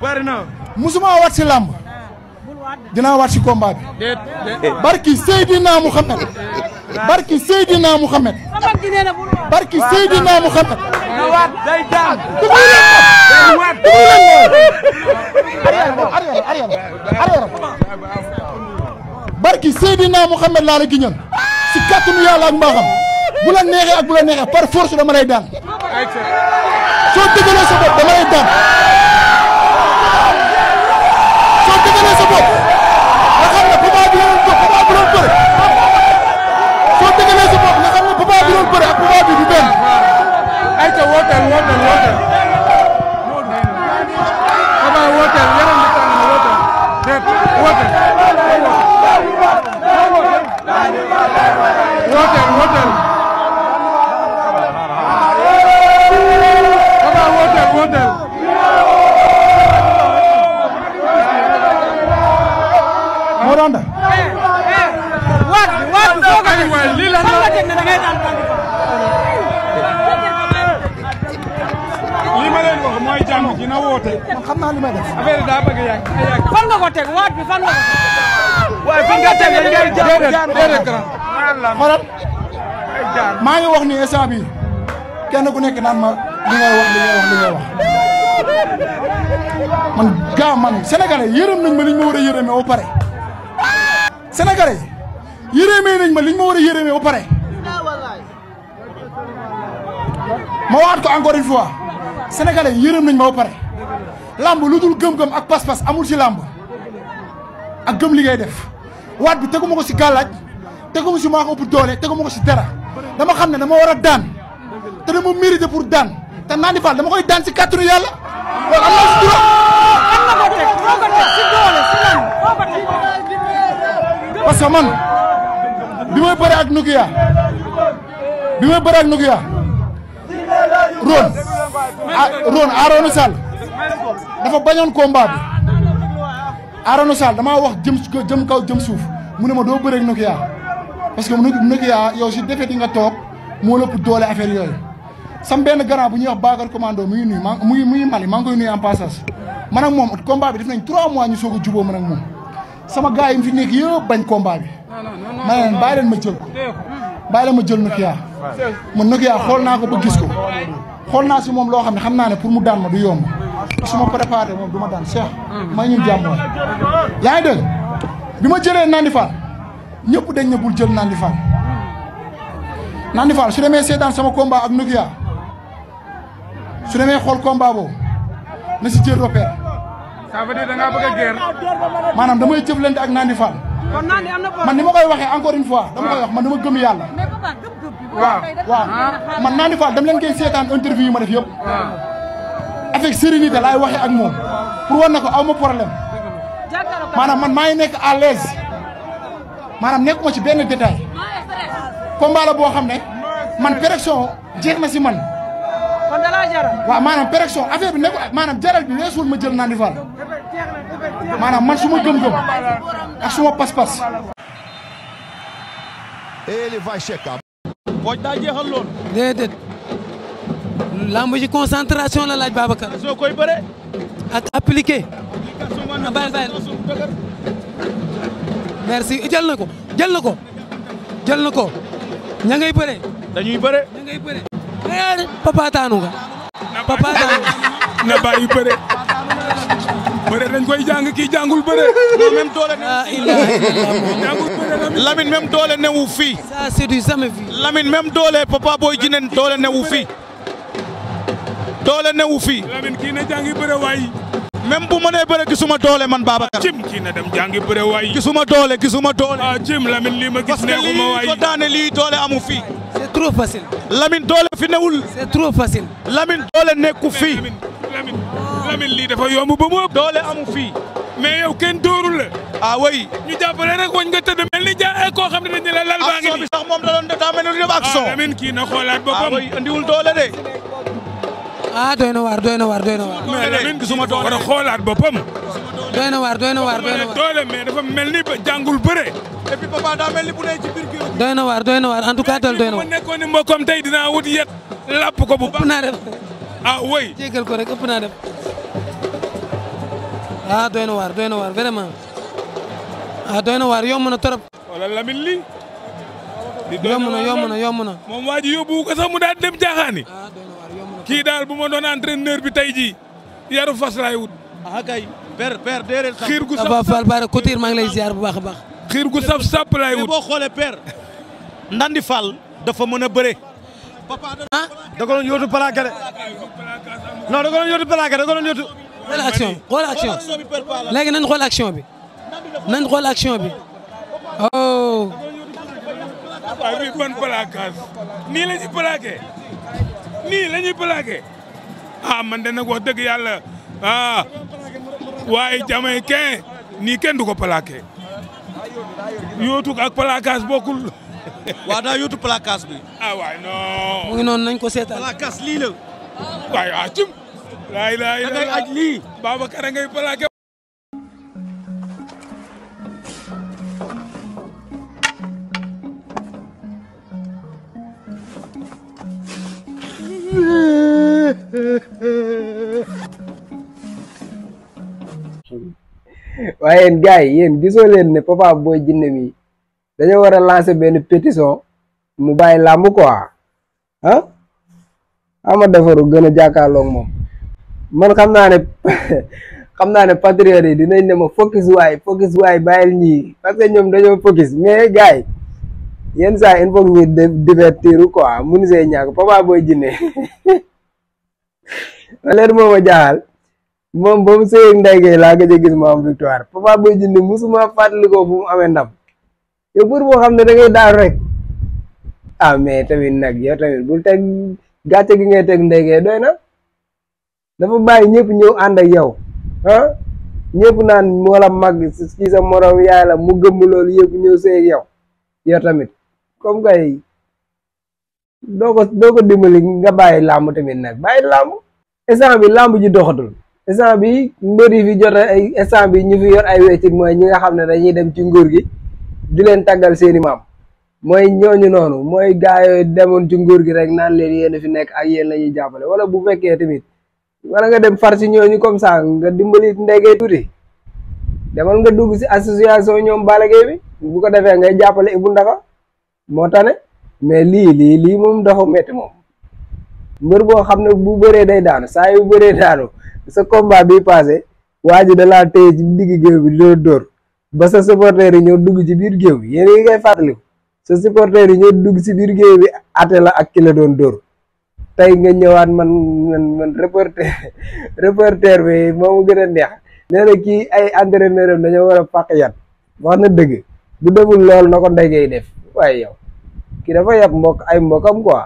bari na musuma si làmb dinaa waat si combat eh, barki Seydina Mouhamed. barki Seydina Mouhamed. barki Seydina Mouhamed. na waat day daan. day waat barki Seydina Mouhamed neexee ak bu neexee par force dama lay daan soo dëggalee sa dama lay daan. wooteel wooteel. papa wooteel wooteel. Moranda. waat waat soo ko def lii lan la dégg ne da ngay daan li ma leen wax mooy jàmm gi na woote. man xam naa li may def. affaire daa bëgg yàgg fan nga ko teg waat bi fan nga ko teg. waaye fan nga teg nga jàmm déedéet déedéet grand. xoolal maa ngi wax ni instant bi kenn ku nekk naan ma li ngay wax li ngay wax li ngay wax man gaa man sénégalais yërëm ma liñ ma a yërëmee ba nañ ma liñ ma war a yërëmee ba pare ma waxaat ko nañ ma ba lamb lu dul gëm ak pas-pas amul ci lamb ak gëm li ngay def waat bi teguma ko ci gàllaaj teguma si maa ko ëpp doole teguma ko si dara dama xamne dama wara dan te dama mérité pour dan te nani Fall dama koy dan si kàttanu yalla loolu am naa si am na ko ko ci si doole si lan parce que man bi may bëre ak Nokia bi may bëre ak Nokia ron ron aronu sal dafa bañon combat bi Arona Sall damaa wax jëm jëm kaw jëm suuf mune ma do bëre Nokia. Ya? parce que mu nekk yaa yow si defet yi nga toog moo lëpp doole affaire yooyu sam benn grand bu ñuy wax Bakar commando mu ngi ma muy muy Mali maa ngi man ak moom combat a juboo man ak moom sama gars yi fi nekk yëpp bañ combat bi ma ne leen ma jël ko leen ma jël Nokia man Nokia xool naa ko ba gis ko xool naa si moom loo xam ne xam naa ne pour mu daan ma du yomb su ma préparé moom du ma daan Cheikh mm. may ñun jàmm yaa ngi bi ma jëlee Nandi Fall ñepp dañ ne bul jël Nandi Fall Nandi Fall su démé seetaan sama combat ak Nokia su démé xol combat bo na ci jël roper ça veut dire da nga bëgg a guerre. maanaam damay jëflante ak Nandi Fall. kon Nandi amna ko man ni ma koy waxé encore une fois. dama koy wax man dama gëm yalla ah. man Nandi Fall dama leen koy seetaan interview yu ma def yëpp. avec sérénité lay waxé ak mom pour war na ko problème. manam man may nek à l'aise maanaam nekkuma ci benn détail combat la boo xam ne man pérection jeex na si man. kon da laa jaral. waaw maanaam pérection affaire bi maanaam jaral bi weesuwul ma jël Nandi Fall maanaam man su ma gëm-gëm ak su ma pas-pas. ele vai checar. pooj daa lool. déedéet. lamb ji concentration la laaj Babacar. soo merci jël nako jël nako jël nako ña ngay béré dañuy béré ña ngay béré papa taanu nga. papa taanu na bayu béré béré dañ koy jàng kii jàngul bëre. même tole ne wu. Lamine même tole ne wu fii. ça c'est du jamais vu. Lamine même tole Papa Boy Djiné tole ne wu fii. doole ne wu fii. Lamine ki na jangi béré way même bu mënee bëre gisuma doole man Babacar. jëm kii na dem jàngi bëre waay. gisuma doole gisuma doole. ah lii ma gis neexuma waay parce lii ko daane doole amu fi. c'est trop facile. Lamine doole fi newul. c'est trop facile. Lamine doole nekku fi. Lamine Lamine lii dafa yomb ba mu ëpp. doole amu fi. mais yow kenn dóorul la. ah oui. ñu jàppale rek wañ nga tëdd mel ni ja eh, koo xam ne dañu la lal baa ngi nii. action bi sax moom da doon def daa mel ni lu def ah, kii na xoolaat boppam. ah oui andiwul doole de. ah doy na waar doy na waar doy na waar. mais léegi gisuma doole war a xoolaat boppam. doy na waar doy na waar doy na waar doole mais dafa mel ni ba jàngul bëre. et puis papa daa mel ni bu dee ci biir kii. doy na waar doy na waar en tout cas daal doy na waar. mais nekkoon ni mbokkam tey dinaa wut yet lapp ko bu baax. ëpp naa def ah oui. jéggal ko rek ëpp naa def ah doy na waar doy na waar vraiment ah doy na waar yomb na trop. wala lamin li yomb na yomb na yomb na. moom waa ji yóbbu ko sax mu daal dem jaaxaani. kii daal bu ma doon entraîneur bi tey jii yaru fas laay wut. ah kay per per déedéet. xiir gu saf sap Bara Couture maa ngi lay ziar bu baax a baax. xiir gu saf sap laay wut boo xoolee per. Ndandi Fall dafa mën a bëre. ah da ko doon yóotu plaqué de. non da ko doon yóotu plaqué da ko doon yóotu. xool action xool action léegi nañ xool action bi nañ xool action bi oh. waaye bi ban plaquage nii la ñu plaqué. nii la ñuy plaqué ah man de nag wax dëgg yàlla ah waaye jamaïcain nii kenn du ko plaqué yootu ak placage bokkul. waaw daa yóotu placage bi. ah waay non. mu ngi noonu nañ ko seetaan. placage lii la. waay acim. Ah, laay laay da lii. Babacar a ngay waaye yéen gars yi yéen gisoo leen ne Papa booy jinne mi dañoo war a lancer benn pétition mu bàyyi làmb quoi ah ama ah, defaru gën a jàkkaarloog moom man xam naa ne xam naa ne patriote yi dinañ ne ma focus waay focus waay bàyyil ñii parce que ñoom dañoo focus mais gars yi yenn saa il faut ñu divertir quoi mun see ñàkk Papa Boy Djiné ma leen mooma jaaxal moom ba mu sëyeeg Ndeye Gueye laa gëj a gis mu am victoire Papa Boy Djiné musuma fàttali ko bu mu amee ndam yow pour boo xam ne da ngay daal rek ah mais tamit nag yow tamit bul teg gàcce gi ngay teg Ndeye Gueye doy na dafa bàyyi ñëpp ñëw ànd ak yow ah ñëpp naan wala mag ci sa morom yaay la mu gëmm loolu yëpp ñëw sëyeeg yow yow tamit comme kay doo ko doo ko dimbali nga bàyyi làmb tamit nag bàyyi làmb instant bi làmb ji doxatul. instant bi mbër yi fi jot ay instant bi ñu fi yor ay wéccit mooy ñi nga xam ne dañuy dem ci nguur gi di leen tàggal seeni maam mooy ñooñu noonu mooy gaa yooyu demoon ci nguur gi rek naan leen yéen fi nekk ay yéen la ñuy jàppale wala bu fekkee tamit wala nga dem far si ñooñu comme ça nga dimbali ndegee tuuti demal nga dugg si association ñoom Balla Gaye bi bu ko defee ngay jàppale Ibou Ndafa moo tax ne mais lii lii lii moom dafa métti moom. mbër boo xam ne bu bëree day daanu saa yu bëree daanu sa combat bi passé waa ji da laa téye ci digg géew bi loolu dóor ba sa supporters yi ñoo dugg ci biir géew bi yéen a ngi koy sa supporters yi ñoo dugg ci biir géew bi ate la ak ki doon dóor tey nga ñëwaat man man man bi moomu gën a neex nee kii ay entraîneur am dañoo war a fàq yat wax na dëgg bu deful lool na ko ndey ngay def waaye yow kii dafa yab mbokk ay mbokkam quoi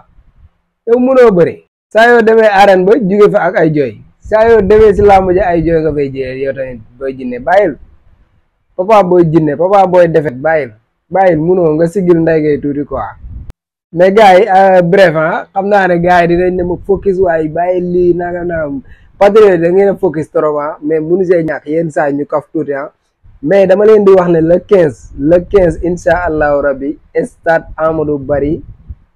yow mënoo bëre saa yoo demee arène ba jóge fa ak ay jooy saa yoo demee si làmb ji ay jooy nga fay jëlee yow tamit booy jinne bàyyil papa booy jinne papa booy defet bàyyil bàyyil munoo nga sigil nday ngay tuuti quoi mais gars yi euh, bref ah xam naa ne gars yi dinañ ne ma focus waaye bàyyi lii nangam nangam patriote da ngeen a focus trop ah mais mënu see ñàkk yenn saa ñu kaf tuuti ah mais dama leen di wax ne le 15 le 15 incha allahu rabbi stade Amadou Barry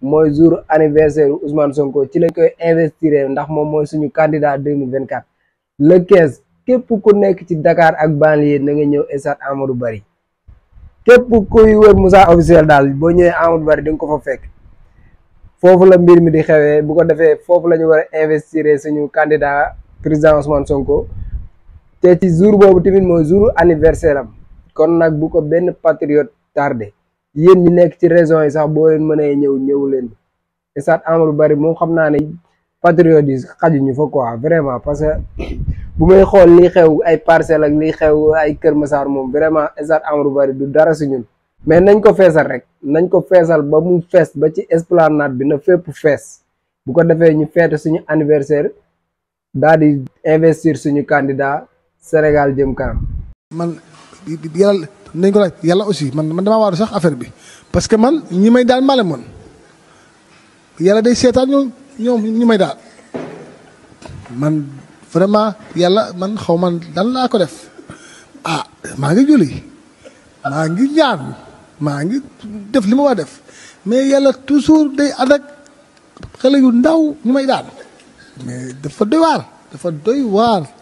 mooy jour anniversaire Ousmane Sonko ci lañ koy investir ndax moom mooy suñu candidat 2024 le 15 képp ku nekk ci Dakar ak banlieue na nga ñëw stade bu Barry képp kuy wër Moussa officiel daal boo ñëwee Amadou Barry di nga ko fa fekk foofu la mbir mi di xewee bu ko defee foofu la ñu war a investir suñu candidat président Ousmane Sonko te ci jour boobu tamit mooy jour anniversaire am kon nag bu ko benn patriote tardé. yéen ñi nekk ci région yi sax boo leen mënee ñëw ñëw leen stade Amadou Barry moom xam naa ne patriote yi xajuñu fa quoi vraiment parce que bu muy xool liy xew ay parcelle ak liy xew ay Kër Massar moom vraiment stade Amadou bari du dara si ñun mais nañ ko feesal rek nañ ko feesal ba mu fees ba ci esplanade bi na fépp fees bu ko defee ñu feete suñu anniversaire daal di investir suñu candidat Sénégal jëm kanam nañ ko laaj yalla aussi man man dama waaru sax affaire bi parce que man ñi may dal malé mon yalla day seetaan ñom ñom ñi may dal man vraiment yalla man xaw man dan la ko def ah ma ngi julli ma ngi ñaan ma ngi def lima wa def mais yalla toujours day adak xalé yu ndaw ñi may dal mais dafa doy war dafa doy war